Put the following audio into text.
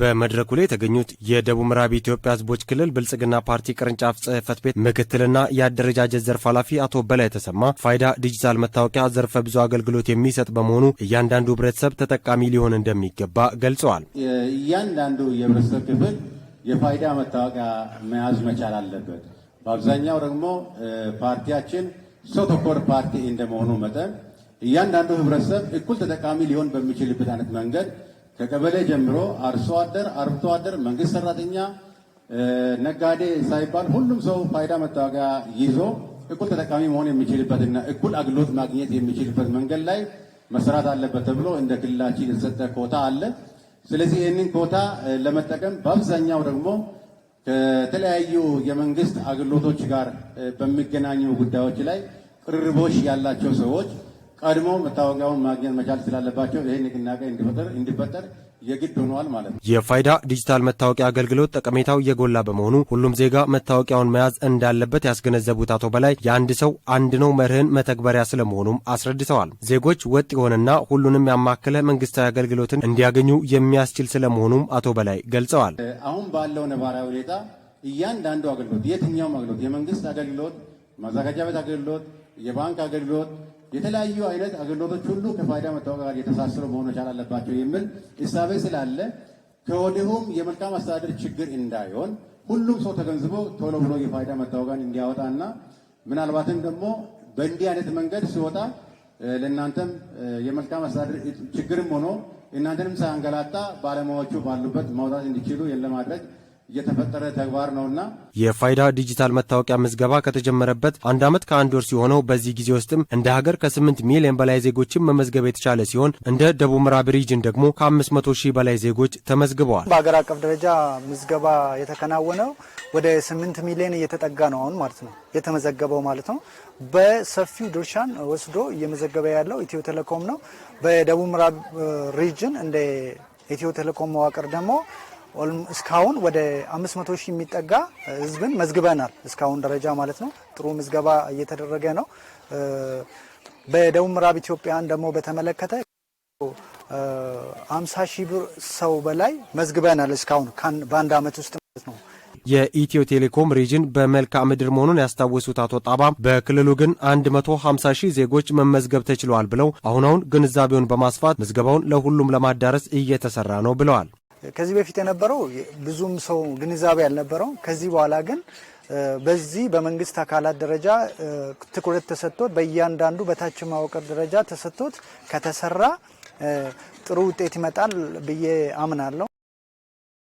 በመድረኩ ላይ የተገኙት የደቡብ ምዕራብ ኢትዮጵያ ህዝቦች ክልል ብልጽግና ፓርቲ ቅርንጫፍ ጽህፈት ቤት ምክትልና የአደረጃጀት ዘርፍ ኃላፊ አቶ በላይ ተሰማ ፋይዳ ዲጂታል መታወቂያ ዘርፈ ብዙ አገልግሎት የሚሰጥ በመሆኑ እያንዳንዱ ህብረተሰብ ተጠቃሚ ሊሆን እንደሚገባ ገልጸዋል። እያንዳንዱ የህብረተሰብ ክፍል የፋይዳ መታወቂያ መያዝ መቻል አለበት። በአብዛኛው ደግሞ ፓርቲያችን ሰው ተኮር ፓርቲ እንደመሆኑ መጠን እያንዳንዱ ህብረተሰብ እኩል ተጠቃሚ ሊሆን በሚችልበት አይነት መንገድ ከቀበሌ ጀምሮ አርሶ አደር፣ አርብቶ አደር፣ መንግስት ሰራተኛ፣ ነጋዴ ሳይባል ሁሉም ሰው ፋይዳ መታወቂያ ይዞ እኩል ተጠቃሚ መሆን የሚችልበትና እኩል አገልግሎት ማግኘት የሚችልበት መንገድ ላይ መስራት አለበት ተብሎ እንደ ክልላችን የተሰጠ ኮታ አለ። ስለዚህ ይህንን ኮታ ለመጠቀም በአብዛኛው ደግሞ ከተለያዩ የመንግስት አገልግሎቶች ጋር በሚገናኙ ጉዳዮች ላይ ቅርርቦሽ ያላቸው ሰዎች ቀድሞ መታወቂያውን ማግኘት መቻል ስላለባቸው ይህ ንቅናቄ እንዲፈጠር የግድ ሆኗል ማለት ነው። የፋይዳ ዲጂታል መታወቂያ አገልግሎት ጠቀሜታው እየጎላ በመሆኑ ሁሉም ዜጋ መታወቂያውን መያዝ እንዳለበት ያስገነዘቡት አቶ በላይ የአንድ ሰው አንድ ነው መርህን መተግበሪያ ስለመሆኑም አስረድተዋል። ዜጎች ወጥ የሆነና ሁሉንም ያማከለ መንግስታዊ አገልግሎትን እንዲያገኙ የሚያስችል ስለመሆኑም አቶ በላይ ገልጸዋል። አሁን ባለው ነባራዊ ሁኔታ እያንዳንዱ አገልግሎት የትኛውም አገልግሎት የመንግስት አገልግሎት፣ ማዘጋጃ ቤት አገልግሎት፣ የባንክ አገልግሎት የተለያዩ አይነት አገልግሎቶች ሁሉ ከፋይዳ መታወቂያ ጋር የተሳሰሩ መሆን መቻል አለባቸው የሚል እሳቤ ስላለ ከወዲሁም የመልካም አስተዳደር ችግር እንዳይሆን ሁሉም ሰው ተገንዝቦ ቶሎ ብሎ የፋይዳ መታወቂያን እንዲያወጣና ምናልባትም ደግሞ በእንዲህ አይነት መንገድ ሲወጣ ለእናንተም የመልካም አስተዳደር ችግርም ሆኖ እናንተንም ሳያንገላታ ባለሙያዎቹ ባሉበት ማውጣት እንዲችሉ ለማድረግ የተፈጠረ ተግባር ነውና የፋይዳ ዲጂታል መታወቂያ ምዝገባ ከተጀመረበት አንድ ዓመት ከአንድ ወር ሲሆነው በዚህ ጊዜ ውስጥም እንደ ሀገር ከ8 ሚሊዮን በላይ ዜጎችን መመዝገብ የተቻለ ሲሆን እንደ ደቡብ ምዕራብ ሪጅን ደግሞ ከ500 ሺህ በላይ ዜጎች ተመዝግበዋል። በሀገር አቀፍ ደረጃ ምዝገባ የተከናወነው ወደ 8 ሚሊዮን እየተጠጋ ነው አሁን ማለት ነው የተመዘገበው ማለት ነው። በሰፊው ድርሻን ወስዶ እየመዘገበ ያለው ኢትዮ ቴሌኮም ነው። በደቡብ ምዕራብ ሪጅን እንደ ኢትዮ ቴሌኮም መዋቅር ደግሞ እስካሁን ወደ መቶ ሺህ የሚጠጋ ህዝብን መዝግበናል። እስካሁን ደረጃ ማለት ነው። ጥሩ ምዝገባ እየተደረገ ነው። በደቡብ ምዕራብ ኢትዮጵያን ደግሞ በተመለከተ አምሳ ሺህ ብር ሰው በላይ መዝግበናል እስካሁን በአንድ አመት ውስጥ ማለት ነው። የኢትዮ ቴሌኮም ሪጅን በመልክዓ ምድር መሆኑን ያስታወሱት አቶ ጣባ በክልሉ ግን 150 ሺህ ዜጎች መመዝገብ ተችለዋል ብለው አሁን አሁን ግንዛቤውን በማስፋት ምዝገባውን ለሁሉም ለማዳረስ እየተሰራ ነው ብለዋል። ከዚህ በፊት የነበረው ብዙም ሰው ግንዛቤ ያልነበረው፣ ከዚህ በኋላ ግን በዚህ በመንግስት አካላት ደረጃ ትኩረት ተሰጥቶት በእያንዳንዱ በታች መዋቅር ደረጃ ተሰጥቶት ከተሰራ ጥሩ ውጤት ይመጣል ብዬ አምናለሁ።